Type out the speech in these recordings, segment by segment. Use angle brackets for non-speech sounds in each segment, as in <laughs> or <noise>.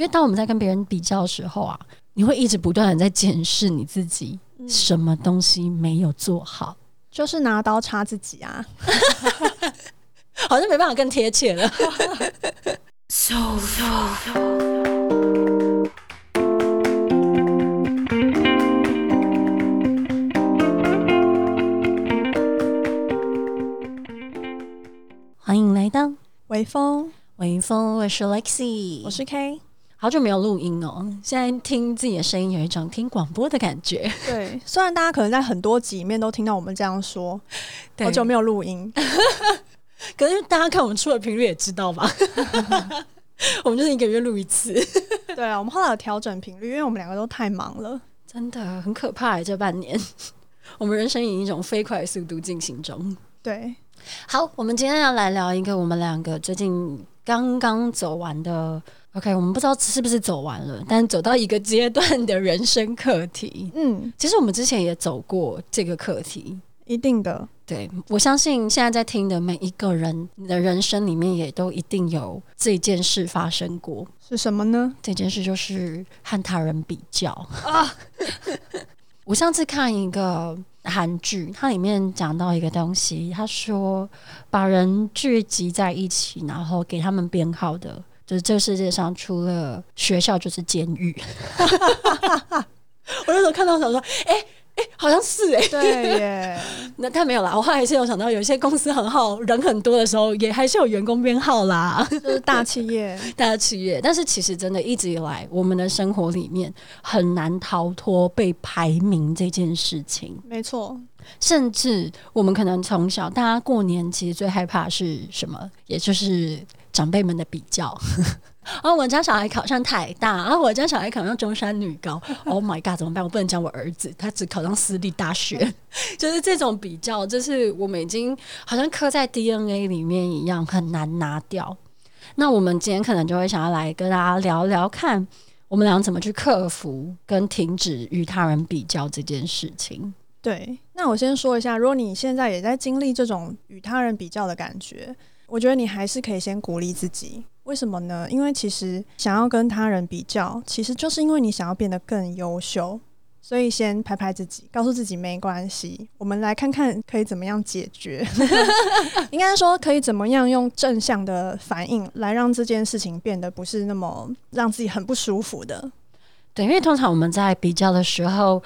因為當我們在跟別人比較的時候啊，你會一直不斷的在檢視你自己，什麼東西沒有做好。嗯，就是拿刀插自己啊， <laughs> 好像沒辦法更貼切了。 <laughs> so so so, so 歡迎來到微風，微風，我是 Lexie 我是 K。好久沒有錄音哦、喔，現在聽自己的聲音有一種聽廣播的感覺。對，雖然大家可能在很多集裡面都聽到我們這樣說，好對久沒有錄音， <laughs> 可是大家看我們出的頻率也知道吧？ <laughs> <laughs> 我們就是一個月錄一次。對啊，我們後來有調整頻率，因為我們兩個都太忙了，真的很可怕耶。這半年， <laughs> 我們人生以一種飛快的速度進行中。對，好，我們今天要來聊一個我們兩個最近剛剛走完的。OK，我們不知道是不是走完了，但走到一個階段的人生課題。嗯，其實我們之前也走過這個課題，一定的。對，我相信，現在在聽的每一個人，你的人生裡面也都一定有這件事發生過。是什麼呢？這件事就是和他人比較啊。 <laughs> <laughs> 我上次看一個韓劇，它裡面講到一個東西，他說把人聚集在一起，然後給他們編號的。就是這個世界上除了學校就是監獄。我那時候看到，想說，哎、欸、哎、欸，好像是哎、欸。對耶 <laughs> 那，那太沒有啦，我後來還是有想到，有些公司很好，人很多的時候，也還是有員工編號啦。 <laughs> 就是大企業， <laughs> 大企業。但是其實真的一直以來，我們的生活裡面很難逃脫被排名這件事情。沒錯 錯。甚至我們可能從小，大家過年其實最害怕是什麼？也就是。長輩們的比較啊、 <laughs> 哦，我家小孩考上台大，啊，我家小孩考上中山女高。Oh my god，怎麼辦？我不能講我兒子，他只考上私立大學， <laughs> 就是這種比較，就是我們已經好像刻在 DNA 裡面一樣，很難拿掉。那我們今天可能就會想要來跟大家聊聊看我們倆怎麼去克服跟停止與他人比較這件事情。對，那我先說一下，如果你現在也在經歷這種與他人比較的感覺。我覺得你還是可以先鼓勵自己，為什麼呢？因為其實想要跟他人比較，其實就是因為你想要變得更優秀，所以先拍拍自己，告訴自己沒關係。我們來看看可以怎麼樣解決， <laughs> 應該說可以怎麼樣用正向的反應來讓這件事情變得不是那麼讓自己很不舒服的。對，因為通常我們在比較的時候。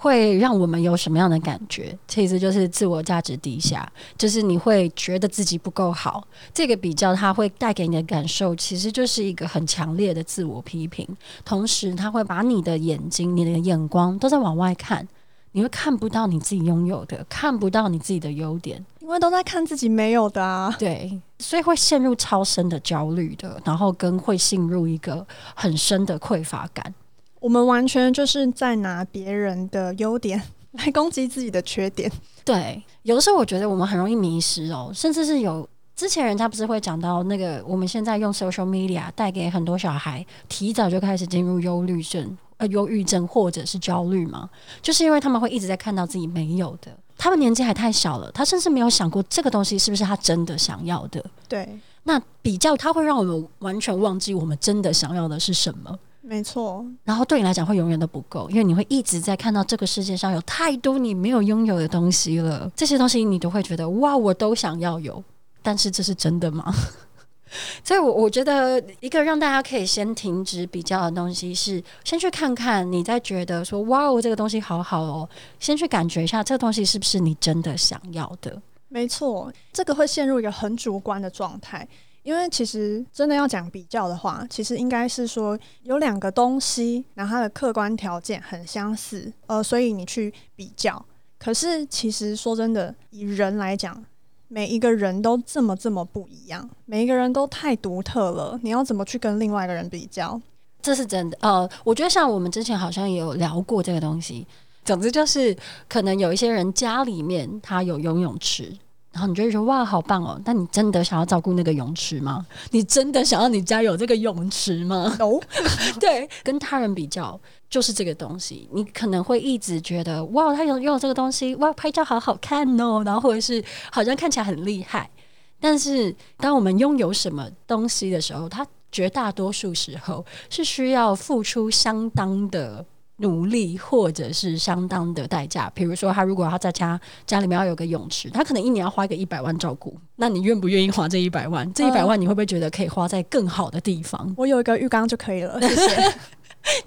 會讓我們有什麼樣的感覺？其實就是自我價值低下，就是你會覺得自己不夠好。這個比較，它會帶給你的感受，其實就是一個很強烈的自我批評。同時，它會把你的眼睛、你的眼光都在往外看，你會看不到你自己擁有的，看不到你自己的優點，因為都在看自己沒有的啊。對，所以會陷入超深的焦慮的，然後跟會陷入一個很深的匱乏感。我們完全就是在拿別人的優點來攻擊自己的缺點。對，有的時候我覺得我們很容易迷失哦，甚至是有之前人家不是會講到那個，我們現在用 social media 帶給很多小孩，提早就開始進入憂鬱症、嗯、呃，憂鬱症或者是焦慮嗎？就是因為他們會一直在看到自己沒有的，他們年紀還太小了，他甚至沒有想過這個東西是不是他真的想要的。對，那比較他會讓我們完全忘記我們真的想要的是什麼。沒錯，然後對你來講會永遠都不夠，因為你會一直在看到這個世界上有太多你沒有擁有的東西了。這些東西你都會覺得哇，我都想要有，但是這是真的嗎？ <laughs> 所以我我覺得一個讓大家可以先停止比較的東西是，先去看看，你再覺得說哇哦，這個東西好好哦，先去感覺一下，這個東西是不是你真的想要的？沒錯，這個會陷入一個很主觀的狀態。因為其實真的要講比較的話，其實應該是說有兩個東西，然後它的客觀條件很相似，呃，所以你去比較。可是其實說真的，以人來講，每一個人都這麼這麼不一樣，每一個人都太獨特了，你要怎麼去跟另外一個人比較？這是真的。呃，我覺得像我們之前好像也有聊過這個東西，總之就是可能有一些人家裡面他有游泳池。然後你就會覺得：“哇，好棒哦！”但你真的想要照顧那個泳池嗎？你真的想要你家有這個泳池嗎？哦，No, <laughs> 對，跟他人比較就是這個東西。你可能會一直覺得：“哇，他有擁有這個東西，哇，拍照好好看哦。”然後或者是好像看起來很厲害。但是當我們擁有什麼東西的時候，他絕大多數時候是需要付出相當的努力，或者是相當的代價。比如說，他如果要在家家裡面要有個泳池，他可能一年要花個一百萬照顧。那你願不願意花這一百萬？嗯、這一百萬你會不會覺得可以花在更好的地方？我有一個浴缸就可以了。謝謝。 <laughs>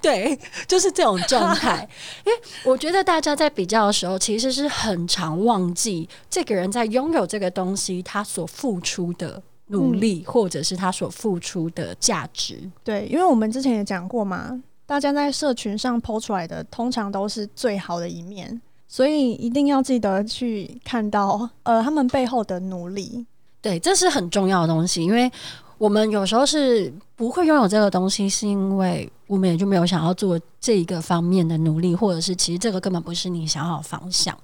對，就是這種狀態。 <laughs> 因為我覺得大家在比較的時候，其實是很常忘記這個人在擁有這個東西，他所付出的努力，或者是他所付出的價值、嗯。對，因為我們之前也講過嘛。大家在社群上 po 出來的，通常都是最好的一面，所以一定要記得去看到，呃，他們背後的努力。對，這是很重要的東西，因為我們有時候是不會擁有這個東西，是因為我們也就沒有想要做這一個方面的努力，或者是其實這個根本不是你想要的方向。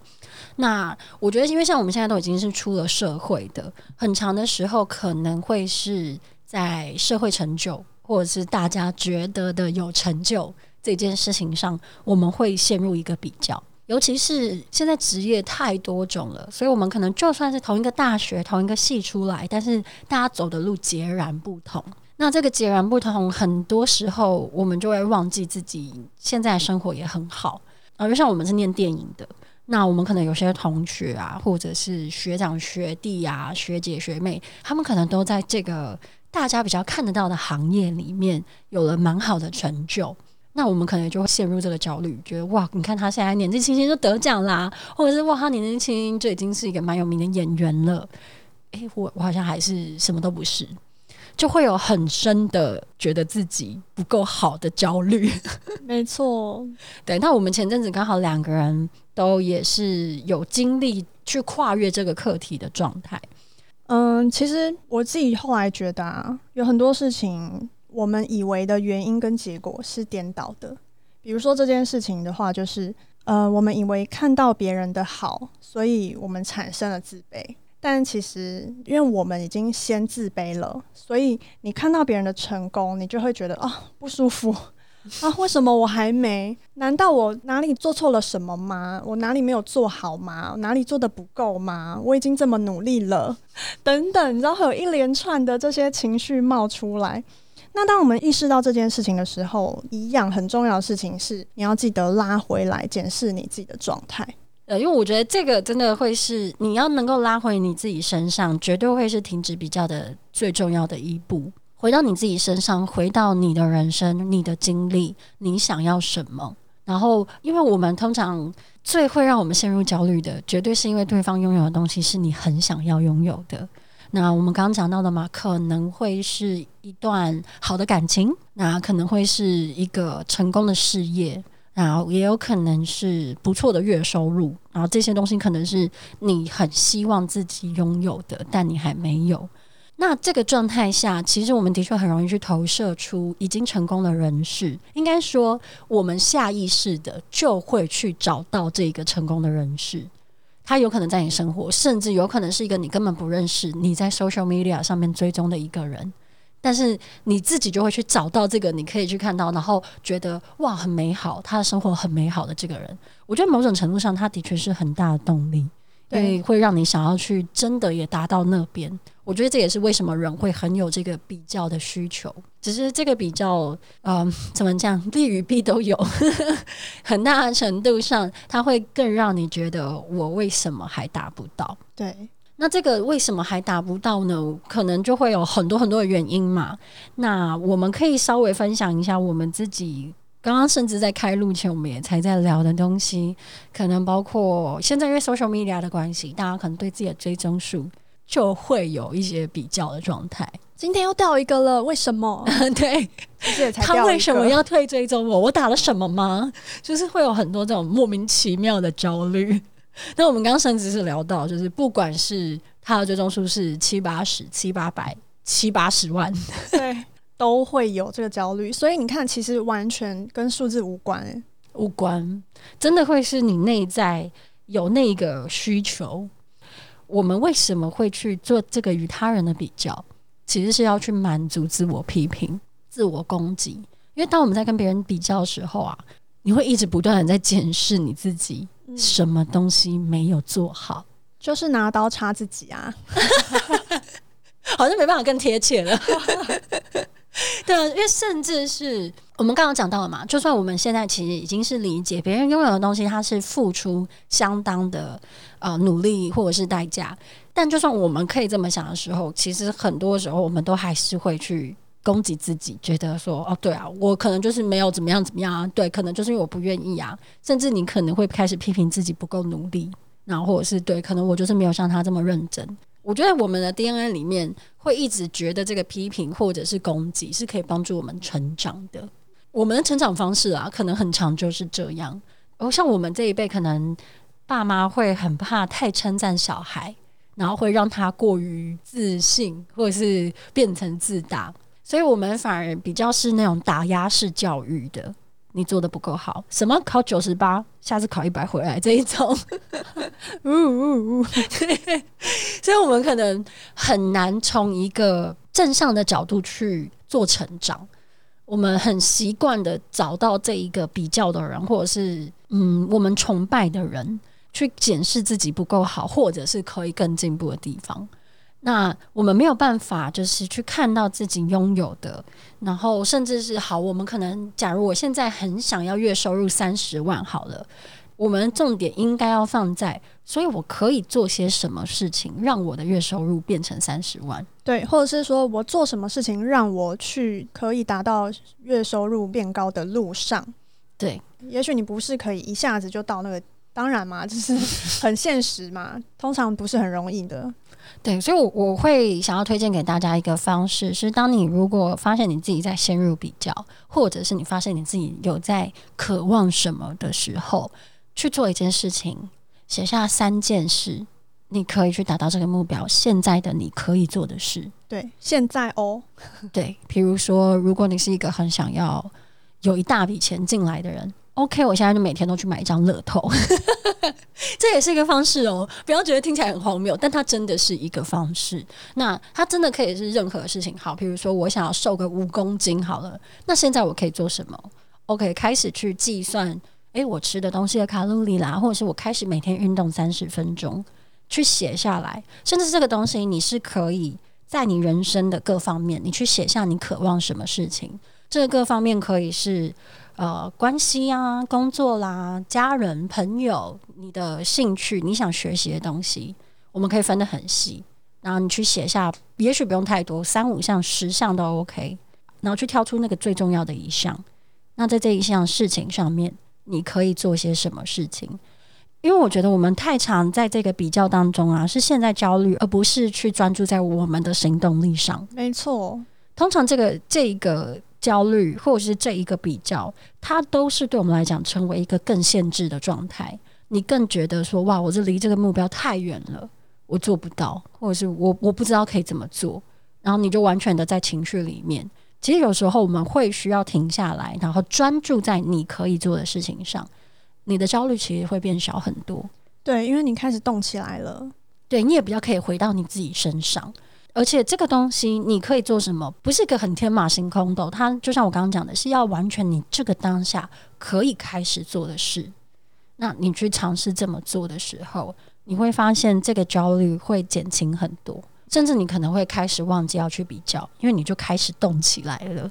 那我覺得，因為像我們現在都已經是出了社會的，很長的時候可能會是在社會成就。或者是大家覺得的有成就這件事情上，我們會陷入一個比較。尤其是現在職業太多種了，所以我們可能就算是同一個大學、同一個系出來，但是大家走的路截然不同。那這個截然不同，很多時候我們就會忘記自己現在的生活也很好。啊，就像我們是念電影的，那我們可能有些同學啊，或者是學長、學弟呀、啊、學姐、學妹，他們可能都在這個。大家比較看得到的行業裡面有了蠻好的成就，那我們可能就會陷入這個焦慮，覺得哇，你看他現在年紀輕輕就得獎啦，或者是哇，他年紀輕輕就已經是一個蠻有名的演員了。誒、欸，我我好像還是什麼都不是，就會有很深的覺得自己不夠好的焦慮。沒錯錯， <laughs> 對，那我們前陣子剛好兩個人都也是有經歷去跨越這個課題的狀態。嗯，其實我自己後來覺得啊，有很多事情我們以為的原因跟結果是顛倒的。比如說這件事情的話，就是呃，我們以為看到別人的好，所以我們產生了自卑。但其實，因為我們已經先自卑了，所以你看到別人的成功，你就會覺得啊，哦，不舒服。啊，為什麼我還沒？難道我哪裡做錯了什麼嗎？我哪裡沒有做好嗎？我哪裡做得不夠嗎？我已經這麼努力了，等等，然後有一連串的這些情緒冒出來。那當我們意識到這件事情的時候，一樣很重要的事情是，你要記得拉回來檢視你自己的狀態。呃，因為我覺得這個真的會是你要能夠拉回你自己身上，絕對會是停止比較的最重要的一步。回到你自己身上，回到你的人生、你的經歷，你想要什麼？然後，因為我們通常最會讓我們陷入焦慮的，絕對是因為對方擁有的東西是你很想要擁有的。那我們剛剛講到的嘛，可能會是一段好的感情，那可能會是一個成功的事業，然後也有可能是不錯的月收入，然後這些東西可能是你很希望自己擁有的，但你還沒有。那這個狀態下，其實我們的確很容易去投射出已經成功的人士。應該說，我們下意識的就會去找到這個成功的人士。他有可能在你生活，甚至有可能是一個你根本不認識、你在 social media 上面追蹤的一個人。但是你自己就會去找到這個，你可以去看到，然後覺得哇，很美好，他的生活很美好的這個人。我覺得某種程度上，他的確是很大的動力，對因為會讓你想要去真的也達到那邊。我覺得這也是為什麼人會很有這個比較的需求。只是這個比較，嗯，怎麼講，利與弊都有。呵呵，很大程度上，它會更讓你覺得我為什麼還達不到？對。那這個為什麼還達不到呢？可能就會有很多很多的原因嘛。那我們可以稍微分享一下我們自己剛剛甚至在開錄前我們也才在聊的東西，可能包括現在因為 social media 的關係，大家可能對自己的追蹤數。就會有一些比較的狀態。今天又掉一個了，為什麼？ <laughs> 對，他為什麼要退追蹤我？我打了什麼嗎？就是會有很多這種莫名其妙的焦慮。 <laughs> 那我們剛剛甚至是聊到，就是不管是他的追蹤數是七八十、七八百、七八十萬， <laughs> 對，都會有這個焦慮。所以你看，其實完全跟數字無關、欸，無關，真的會是你內在有那個需求。我們為什麼會去做這個與他人的比較？其實是要去滿足自我批評、自我攻擊。因為當我們在跟別人比較的時候啊，你會一直不斷的在檢視你自己什麼東西沒有做好，嗯，就是拿刀插自己啊， <laughs> 好像沒辦法更貼切了。 <laughs> 對，因為甚至是我們剛剛講到了嘛，就算我們現在其實已經是理解別人擁有的東西，它是付出相當的呃努力或者是代價，但就算我們可以這麼想的時候，其實很多時候我們都還是會去攻擊自己，覺得說哦，對啊，我可能就是沒有怎麼樣怎麼樣啊，對，可能就是因為我不願意啊，甚至你可能會開始批評自己不夠努力，然後或者是對，可能我就是沒有像他這麼認真。我覺得我們的 DNA 裡面會一直覺得這個批評或者是攻擊是可以幫助我們成長的。我們的成長方式啊，可能很常就是這樣。哦，然後像我們這一輩，可能爸媽會很怕太稱讚小孩，然後會讓他過於自信或者是變成自大，所以我們反而比較是那種打壓式教育的。你做得不夠好，什麼考九十八，下次考一百回來這一種，嗚嗚嗚，所以我們可能很難從一個正向的角度去做成長。我們很習慣的找到這一個比較的人，或者是嗯，我們崇拜的人，去檢視自己不夠好，或者是可以更進步的地方。那我們沒有辦法，就是去看到自己擁有的，然後甚至是好，我們可能假如我現在很想要月收入三十萬，好了，我們重點應該要放在，所以我可以做些什麼事情，讓我的月收入變成三十萬？對，或者是說我做什麼事情，讓我去可以達到月收入變高的路上？對，也許你不是可以一下子就到那個，當然嘛，這，就是很現實嘛， <laughs> 通常不是很容易的。對，所以我，我我會想要推薦給大家一個方式，是當你如果發現你自己在陷入比較，或者是你發現你自己有在渴望什麼的時候，去做一件事情，寫下三件事，你可以去達到這個目標。現在的你可以做的事，對，現在哦， <laughs> 對，比如說，如果你是一個很想要有一大筆錢進來的人。OK，我現在就每天都去買一張樂透， <laughs> 這也是一個方式哦。不要覺得聽起來很荒謬，但它真的是一個方式。那它真的可以是任何事情。好，比如說我想要瘦個五公斤，好了，那現在我可以做什麼？OK，開始去計算，欸，我吃的東西的卡路里啦，或者是我開始每天運動三十分鐘，去寫下來。甚至這個東西，你是可以在你人生的各方面，你去寫下你渴望什麼事情。這個各方面可以是。呃，關係啊，工作啦，家人、朋友，你的興趣，你想學習的東西，我們可以分得很細。然後你去寫下，也許不用太多，三五項、十項都 OK。然後去挑出那個最重要的一項。那在這一項事情上面，你可以做些什麼事情？因為我覺得我們太常在這個比較當中啊，是現在焦慮，而不是去專注在我們的行動力上。沒錯，通常這個這個。焦慮，或者是這一個比較，它都是對我們來講成為一個更限制的狀態。你更覺得說，哇，我這離這個目標太遠了，我做不到，或者是我我不知道可以怎麼做。然後你就完全的在情緒裡面。其實有時候我們會需要停下來，然後專注在你可以做的事情上，你的焦慮其實會變少很多。對，因為你開始動起來了。對，你也比較可以回到你自己身上。而且這個東西你可以做什麼，不是個很天馬行空的。它就像我剛剛講的，是要完全你這個當下可以開始做的事。那你去嘗試這麼做的時候，你會發現這個焦慮會減輕很多，甚至你可能會開始忘記要去比較，因為你就開始動起來了。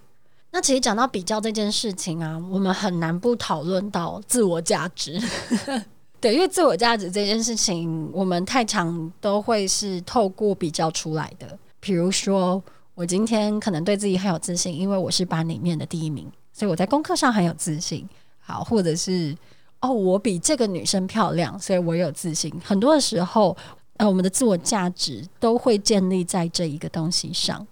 那其實講到比較這件事情啊，我們很難不討論到自我價值。 <laughs> 對，因為自我價值這件事情，我們太常都會是透過比較出來的。比如說，我今天可能對自己很有自信，因為我是班裡面的第一名，所以我在功課上很有自信。好，或者是哦，我比這個女生漂亮，所以我有自信。很多的時候，呃，我們的自我價值都會建立在這一個東西上。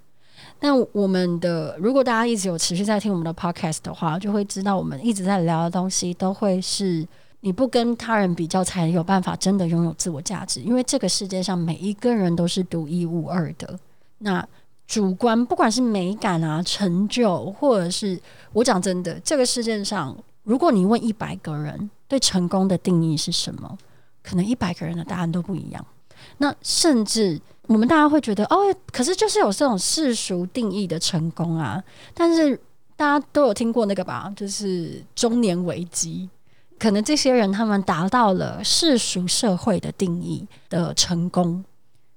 那我們的，如果大家一直有持續在聽我們的 podcast 的話，就會知道我們一直在聊的東西都會是。你不跟他人比較，才有辦法真的擁有自我價值。因為這個世界上每一個人都是獨一無二的。那主觀，不管是美感啊、成就，或者是我講真的，這個世界上，如果你問一百個人對成功的定義是什麼，可能一百個人的答案都不一樣。那甚至我們大家會覺得，哦，可是就是有這種世俗定義的成功啊。但是大家都有聽過那個吧，就是中年危機。可能這些人他們達到了世俗社會的定義的成功，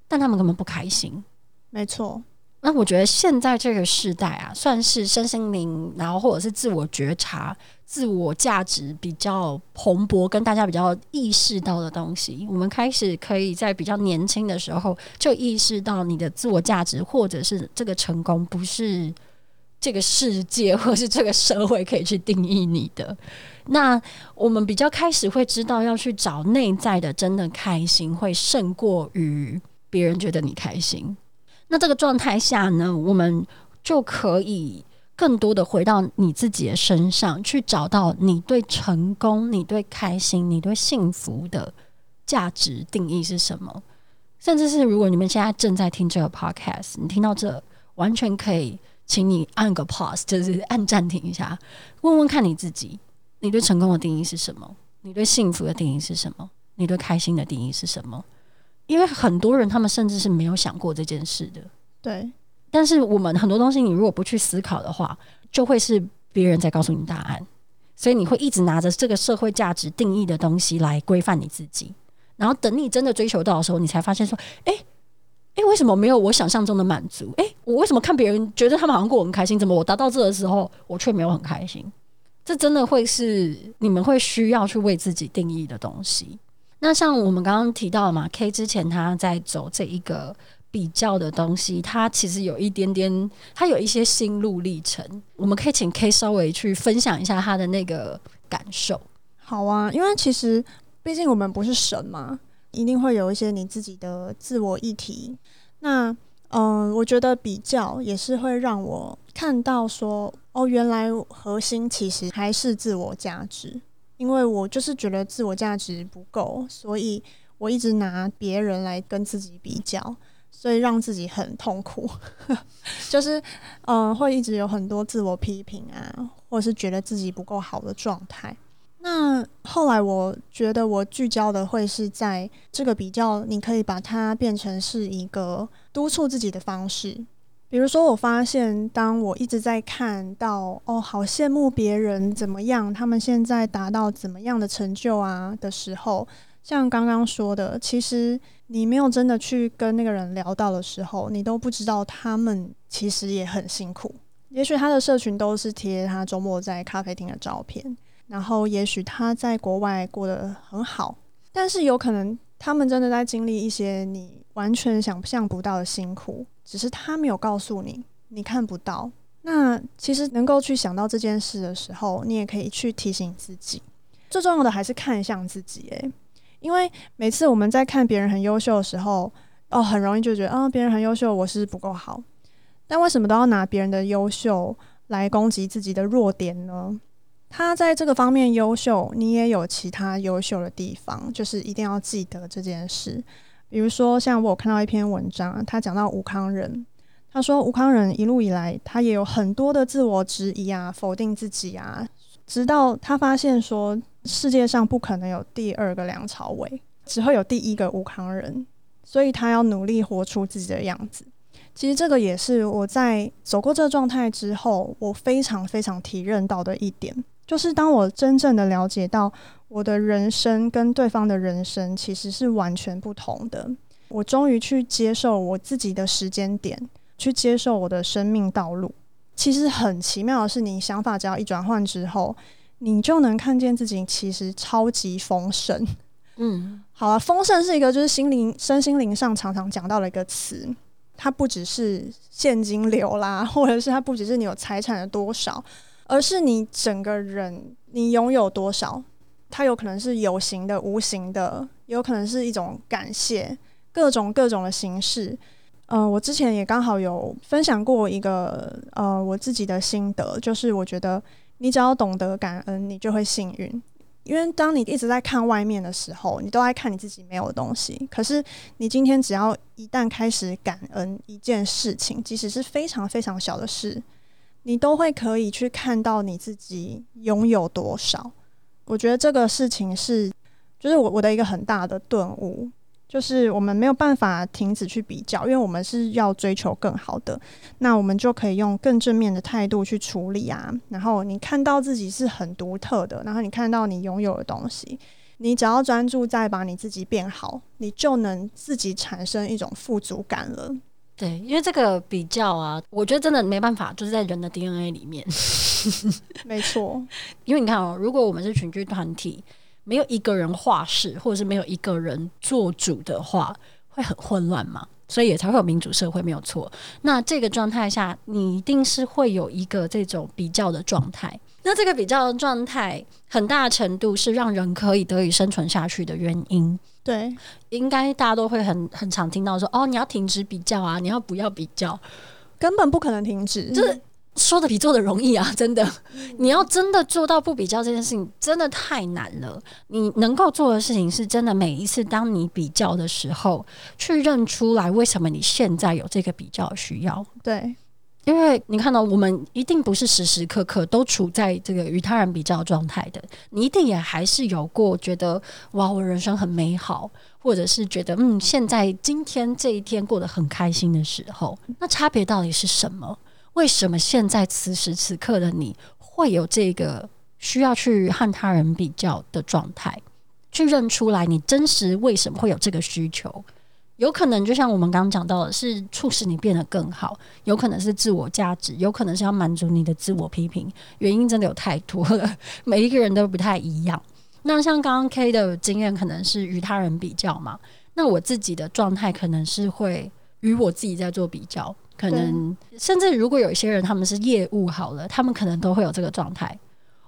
但他們根本不開心。沒錯。那我覺得現在這個時代啊，算是身心靈，然後或者是自我覺察、自我價值比較蓬勃，跟大家比較意識到的東西。我們開始可以在比較年輕的時候就意識到你的自我價值，或者是這個成功不是這個世界或是這個社會可以去定義你的。那我們比較開始會知道要去找內在的真的開心，會勝過於別人覺得你開心。那這個狀態下呢，我們就可以更多的回到你自己的身上，去找到你對成功、你對開心、你對幸福的價值定義是什麼。甚至是如果你們現在正在聽這個 podcast，你聽到這完全可以，請你按個 pause，就是按暫停一下，問問看你自己，你對成功的定義是什麼？你對幸福的定義是什麼？你對開心的定義是什麼？因為很多人他們甚至是沒有想過這件事的。對，但是我們很多東西，你如果不去思考的話，就會是別人在告訴你答案。所以你會一直拿着這個社會價值定義的東西來規範你自己，然後等你真的追求到的時候，你才發現說：欸，欸，為什麼沒有我想象中的滿足？欸，我為什麼看別人覺得他們好像過得很開心，怎麼我達到這的時候，我卻沒有很開心？這真的會是你們會需要去為自己定義的東西。那像我們剛剛提到了嘛，K 之前他在走這一個比較的東西，他其實有一點點，他有一些心路歷程。我們可以請 K 稍微去分享一下他的那個感受。好啊，因為其實畢竟我們不是神嘛，一定會有一些你自己的自我議題。那嗯，我覺得比較也是會讓我看到說。哦，原來核心其實還是自我價值，因為我就是覺得自我價值不夠，所以我一直拿別人來跟自己比較，所以讓自己很痛苦， <laughs> 就是嗯、呃，會一直有很多自我批評啊，或者是覺得自己不夠好的狀態。那後來我覺得我聚焦的會是在這個比較，你可以把它變成是一個督促自己的方式。比如說，我發現當我一直在看到哦，好羨慕別人怎麼樣，他們現在達到怎麼樣的成就啊的時候，像剛剛說的，其實你沒有真的去跟那個人聊到的時候，你都不知道他們其實也很辛苦。也許他的社群都是貼他周末在咖啡廳的照片，然後也許他在國外過得很好，但是有可能他們真的在經歷一些你完全想象不到的辛苦。只是他沒有告訴你，你看不到。那其實能夠去想到這件事的時候，你也可以去提醒自己。最重要的還是看向自己欸，因為每次我們在看別人很優秀的時候，哦，很容易就覺得啊，別人很優秀，我是不夠好。但為什麼都要拿別人的優秀來攻擊自己的弱點呢？他在這個方面優秀，你也有其他優秀的地方，就是一定要記得這件事。比如說，像我有看到一篇文章，他講到吳慷仁，他說吳慷仁一路以來，他也有很多的自我質疑啊，否定自己啊，直到他發現說世界上不可能有第二個梁朝偉，只會有第一個吳慷仁，所以他要努力活出自己的樣子。其實這個也是我在走過這個狀態之後，我非常非常體認到的一點。就是當我真正的了解到我的人生跟對方的人生其實是完全不同的，我終於去接受我自己的時間點，去接受我的生命道路。其實很奇妙的是，你想法只要一轉換之後，你就能看見自己其實超級豐盛。嗯，好了，豐盛是一個就是心靈身心靈上常常講到的一個詞，它不只是現金流啦，或者是它不只是你有財產的多少。而是你整個人，你擁有多少？它有可能是有形的、無形的，有可能是一種感謝，各種各種的形式。呃，我之前也剛好有分享過一個呃我自己的心得，就是我覺得你只要懂得感恩，你就會幸運。因為當你一直在看外面的時候，你都在看你自己沒有東西。可是你今天只要一旦開始感恩一件事情，即使是非常非常小的事。你都會可以去看到你自己擁有多少，我覺得這個事情是，就是我我的一個很大的頓悟，就是我們沒有辦法停止去比較，因為我們是要追求更好的，那我們就可以用更正面的態度去處理啊。然後你看到自己是很獨特的，然後你看到你擁有的東西，你只要專注在把你自己變好，你就能自己產生一種富足感了。對，因為這個比較啊，我覺得真的沒辦法，就是在人的 DNA 裡面。 <laughs> 沒錯，因為你看哦，如果我們是群居團體，沒有一個人話事，或者是沒有一個人做主的話，會很混亂嘛。所以也才會有民主社會，沒有錯。那這個狀態下，你一定是會有一個這種比較的狀態。那這個比較的狀態，很大程度是讓人可以得以生存下去的原因。對，應該大家都會很很常聽到說，哦，你要停止比較啊，你要不要比較？根本不可能停止，就是說得比做得容易啊，真的。你要真的做到不比較這件事情，真的太難了。你能夠做的事情，是真的每一次當你比較的時候，去認出來為什麼你現在有這個比較的需要，對。因為你看到，我們一定不是時時刻刻都處在這個與他人比較狀態的，你一定也還是有過覺得哇，我人生很美好，或者是覺得嗯，現在今天這一天過得很開心的時候。那差別到底是什麼？為什麼現在此時此刻的你會有這個需要去和他人比較的狀態？去認出來你真實為什麼會有這個需求？有可能就像我們剛剛講到的，是促使你變得更好；有可能是自我價值，有可能是要滿足你的自我批評。原因真的有太多了，每一個人都不太一樣。那像剛剛 K 的經驗，可能是與他人比較嘛。那我自己的狀態，可能是會與我自己在做比較。可能甚至如果有一些人他們是業務好了，他們可能都會有這個狀態。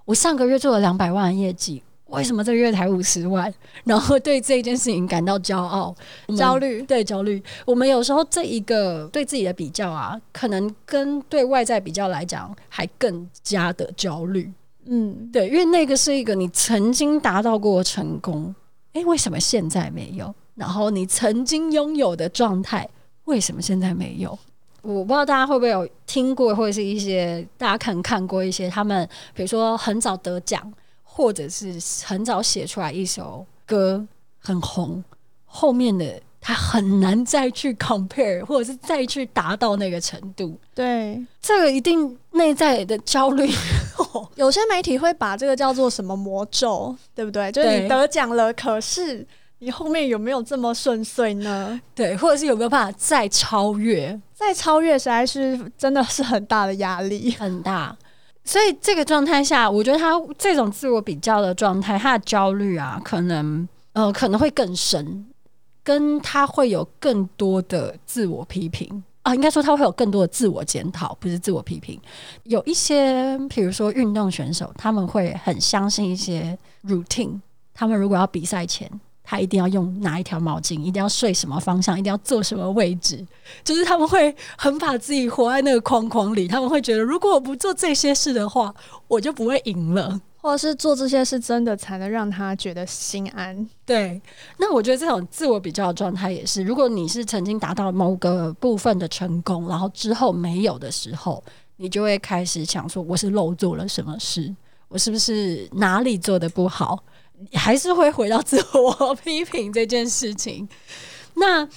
我上個月做了兩百萬業績。為什麼這個月才五十萬？然後對這件事情感到驕傲、焦慮？對，焦慮。我們有時候這一個對自己的比較啊，可能跟對外在比較來講，還更加的焦慮。嗯，對，因為那個是一個你曾經達到過成功，誒，為什麼現在沒有？然後你曾經擁有的狀態，為什麼現在沒有？我不知道大家會不會有聽過，或者是一些大家可能看過一些他們，比如說很早得獎。或者是很早寫出來一首歌很紅，後面的他很難再去 compare，或者是再去達到那個程度。對，這個一定內在的焦慮。 <laughs> 有些媒體會把這個叫做什麼魔咒，對不對？就是你得獎了，對可是你後面有沒有這麼順遂呢？對，或者是有沒有辦法再超越？再超越，實在是真的是很大的壓力，很大。所以這個狀態下，我覺得他這種自我比較的狀態，他的焦慮啊，可能呃可能會更深，跟他會有更多的自我批評啊，應該說他會有更多的自我檢討，不是自我批評。有一些，比如說運動選手，他們會很相信一些 routine，他們如果要比賽前。他一定要用哪一條毛巾？一定要睡什麼方向？一定要坐什麼位置？就是他們會很把自己活在那個框框裡。他們會覺得，如果我不做這些事的話，我就不會贏了；或者是做這些事真的才能讓他覺得心安。對，那我覺得這種自我比較的狀態也是，如果你是曾經達到某個部分的成功，然後之後沒有的時候，你就會開始想說，我是漏做了什麼事？我是不是哪裡做的不好？還是會回到自我批評這件事情。那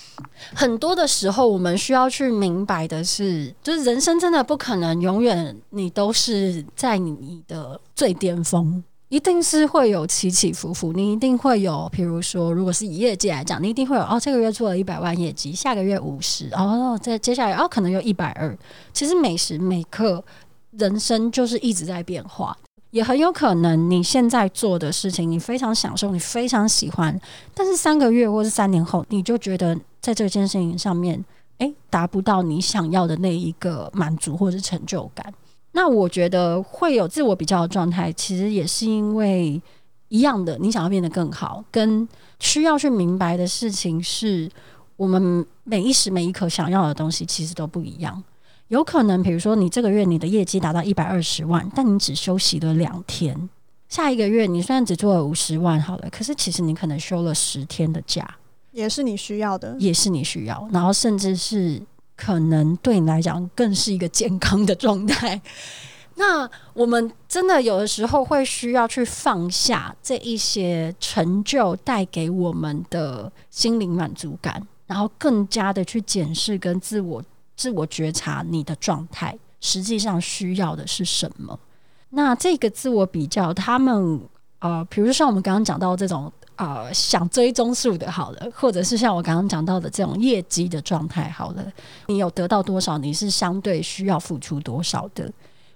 很多的時候，我們需要去明白的是，就是人生真的不可能永遠你都是在你的最巔峰，一定是會有起起伏伏。你一定會有，譬如說，如果是以業績來講，你一定會有哦，這個月做了一百萬業績，下個月五十，哦，在接下來，哦，可能有一百二。其實每時每刻，人生就是一直在變化。也很有可能，你現在做的事情你非常享受，你非常喜歡，但是三個月或是三年後，你就覺得在這件事情上面，哎、欸，達不到你想要的那一個滿足或者是成就感。那我覺得會有自我比較的狀態，其實也是因為一樣的，你想要變得更好，跟需要去明白的事情，是我們每一時每一刻想要的東西，其實都不一樣。有可能，比如說你這個月你的業績達到一百二十萬，但你只休息了兩天。下一個月你雖然只做了五十萬，好了，可是其實你可能休了十天的假，也是你需要的，也是你需要。然後甚至是可能對你來講更是一個健康的狀態。 <laughs> 那我們真的有的時候會需要去放下這一些成就帶給我們的心靈滿足感，然後更加的去檢視跟自我。自我覺察你的狀態，實際上需要的是什麼？那這個自我比較，他們呃，比如像我們剛剛講到這種啊、呃，想追蹤數的好了，或者是像我剛剛講到的這種業績的狀態好了，你有得到多少？你是相對需要付出多少的？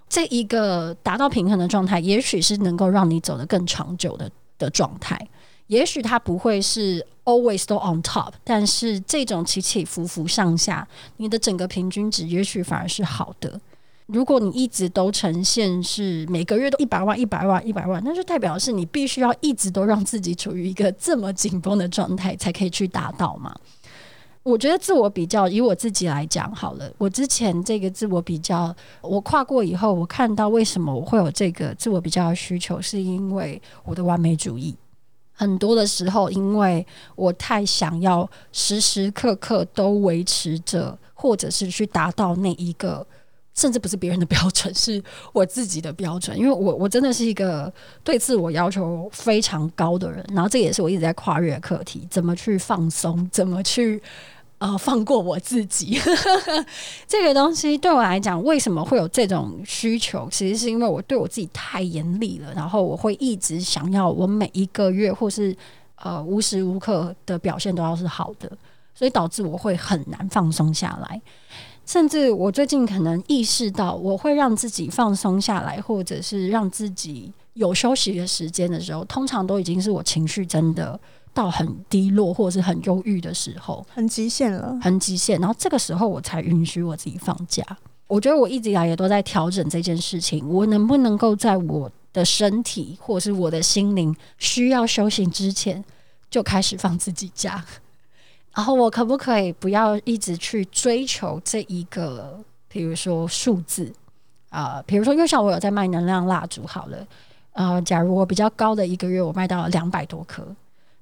這一個達到平衡的狀態，也許是能夠讓你走得更長久的的狀態。也許它不會是 always 都 on top，但是這種起起伏伏上下，你的整個平均值也許反而是好的。如果你一直都呈現是每個月都一百萬、一百萬、一百萬，那就代表是你必須要一直都讓自己處於一個這麼緊繃的狀態才可以去達到嘛。我覺得自我比較，以我自己來講好了。我之前這個自我比較，我跨過以後，我看到為什麼我會有這個自我比較的需求，是因為我的完美主義。很多的時候，因為我太想要時時刻刻都維持着，或者是去達到那一個，甚至不是別人的標準，是我自己的標準。因為我我真的是一個對自我要求非常高的人，然後這也是我一直在跨越的課題：怎麼去放鬆，怎麼去。呃，放過我自己， <laughs> 這個東西對我來講，為什麼會有這種需求？其實是因為我對我自己太嚴厲了，然後我會一直想要我每一個月或是呃無時無刻的表現都要是好的，所以導致我會很難放鬆下來。甚至我最近可能意識到，我會讓自己放鬆下來，或者是讓自己有休息的時間的時候，通常都已經是我情緒真的。到很低落或者是很憂鬱的時候，很極限了，很極限。然後這個時候，我才允許我自己放假。我覺得我一直以來也都在調整這件事情，我能不能夠在我的身體或者是我的心靈需要休息之前就開始放自己假？然後我可不可以不要一直去追求這一個，比如說數字啊，呃，比如說，就像我有在賣能量蠟燭，好了，啊、呃，假如我比較高的一個月，我賣到兩百多顆。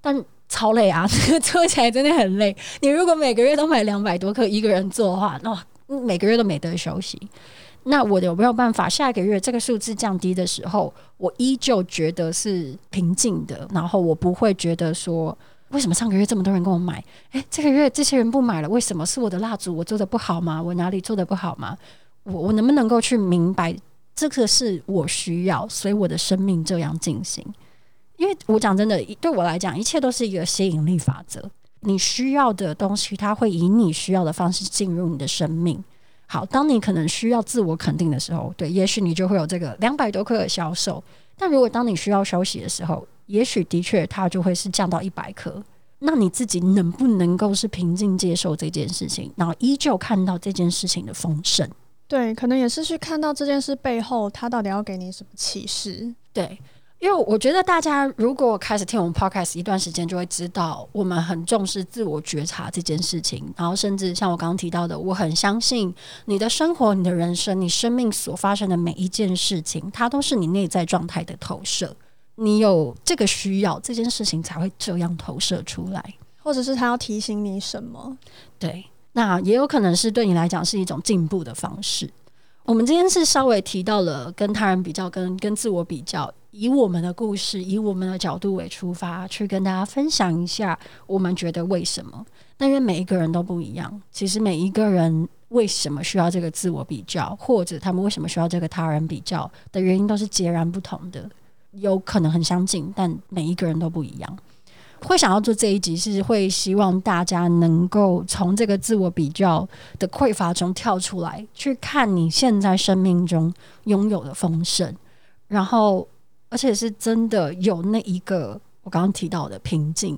但超累啊！這個做起來真的很累。你如果每個月都買兩百多克一個人做的話，那每個月都沒得休息。那我有沒有辦法？下個月這個數字降低的時候，我依舊覺得是平靜的，然後我不會覺得說，為什麼上個月這麼多人跟我買？誒、欸，這個月這些人不買了，為什麼？是我的蠟燭，我做的不好嗎？我哪裡做的不好嗎？我我能不能夠去明白這個是我需要，所以我的生命這樣進行？因為我講真的，對我來講，一切都是一個吸引力法則。你需要的東西，它會以你需要的方式進入你的生命。好，當你可能需要自我肯定的時候，對，也許你就會有這個兩百多克的銷售。但如果當你需要休息的時候，也許的確它就會是降到一百克。那你自己能不能夠是平靜接受這件事情，然後依舊看到這件事情的豐盛？對，可能也是去看到這件事背後，它到底要給你什麼啟示？對。因為我覺得大家如果開始聽我們 Podcast 一段時間，就會知道我們很重視自我覺察這件事情。然後甚至像我剛剛提到的，我很相信你的生活、你的人生、你生命所發生的每一件事情，它都是你內在狀態的投射。你有這個需要，這件事情才會這樣投射出來，或者是他要提醒你什麼？對，那也有可能是對你來講是一種進步的方式。我們今天是稍微提到了跟他人比較跟，跟跟自我比較，以我們的故事，以我們的角度為出發，去跟大家分享一下我們覺得為什麼。但是每一個人都不一樣，其實每一個人為什麼需要這個自我比較，或者他們為什麼需要這個他人比較的原因，都是截然不同的。有可能很相近，但每一個人都不一樣。會想要做這一集，是會希望大家能夠從這個自我比較的匱乏中跳出來，去看你現在生命中擁有的豐盛，然後而且是真的有那一個我剛剛提到的平靜，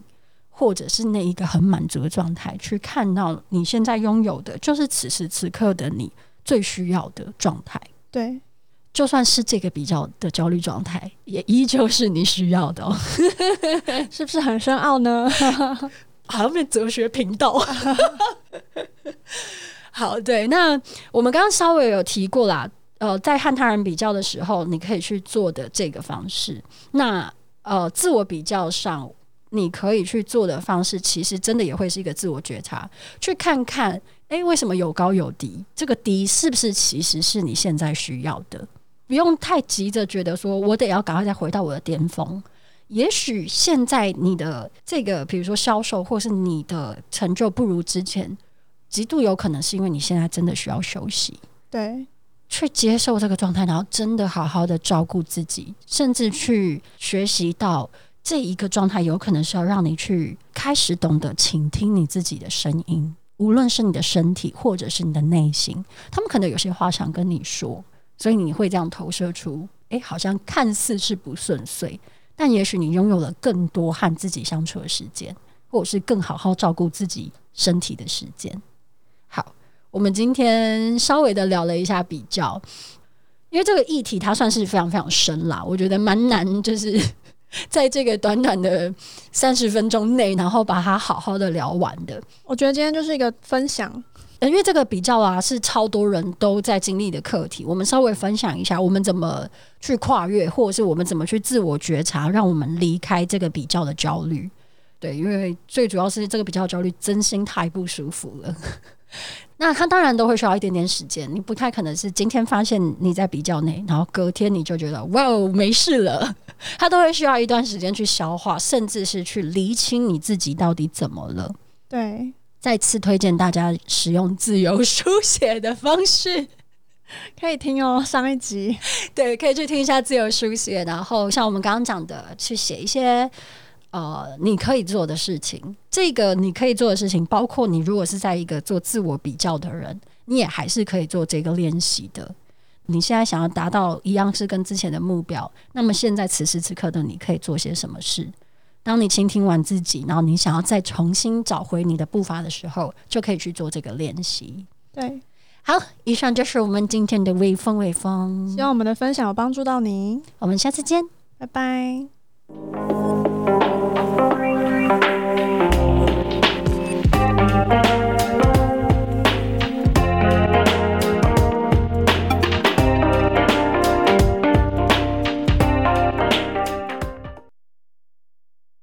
或者是那一個很滿足的狀態，去看到你現在擁有的就是此時此刻的你最需要的狀態。對。就算是這個比較的焦慮狀態，也依舊是你需要的喔， <laughs> 是不是很深奧呢？好像變哲學頻道。 <laughs> <laughs> 好，對，那我們剛剛稍微有提過啦，呃，在和他人比較的時候，你可以去做的這個方式，那呃，自我比較上你可以去做的方式，其實真的也會是一個自我覺察，去看看，欸，為什麼有高有低？這個低是不是其實是你現在需要的？不用太急着覺得說，我得要趕快再回到我的巔峰。也許現在你的這個，比如說銷售，或是你的成就不如之前，極度有可能是因為你現在真的需要休息。對，去接受這個狀態，然後真的好好的照顧自己，甚至去學習到這一個狀態，有可能是要讓你去開始懂得傾聽你自己的聲音，無論是你的身體，或者是你的內心，他們可能有些話想跟你說。所以你會這樣投射出，哎、欸，好像看似是不順遂，但也許你擁有了更多和自己相處的時間，或者是更好好照顧自己身體的時間。好，我們今天稍微的聊了一下比較，因為這個議題它算是非常非常深啦，我覺得蠻難，就是在這個短短的三十分鐘內，然後把它好好的聊完的。我覺得今天就是一個分享。因為這個比較啊，是超多人都在經歷的課題。我們稍微分享一下，我們怎麼去跨越，或者是我們怎麼去自我覺察，讓我們離開這個比較的焦慮。對，因為最主要是這個比較焦慮，真心太不舒服了。 <laughs> 那他當然都會需要一點點時間，你不太可能是今天發現你在比較內，然後隔天你就覺得哇哦，沒事了。 <laughs> 他都會需要一段時間去消化，甚至是去釐清你自己到底怎麼了。對。再次推薦大家使用自由書寫的方式， <laughs> 可以聽哦。上一集 <laughs> 對，可以去聽一下自由書寫，然後像我們剛剛講的，去寫一些呃，你可以做的事情。這個你可以做的事情，包括你如果是在一個做自我比較的人，你也還是可以做這個練習的。你現在想要達到一樣是跟之前的目標，那麼現在此時此刻的你可以做些什麼事？當你傾聽完自己，然後你想要再重新找回你的步伐的時候，就可以去做這個練習。對，好，以上就是我們今天的微風。微風，希望我們的分享有幫助到你。我們下次見，拜拜。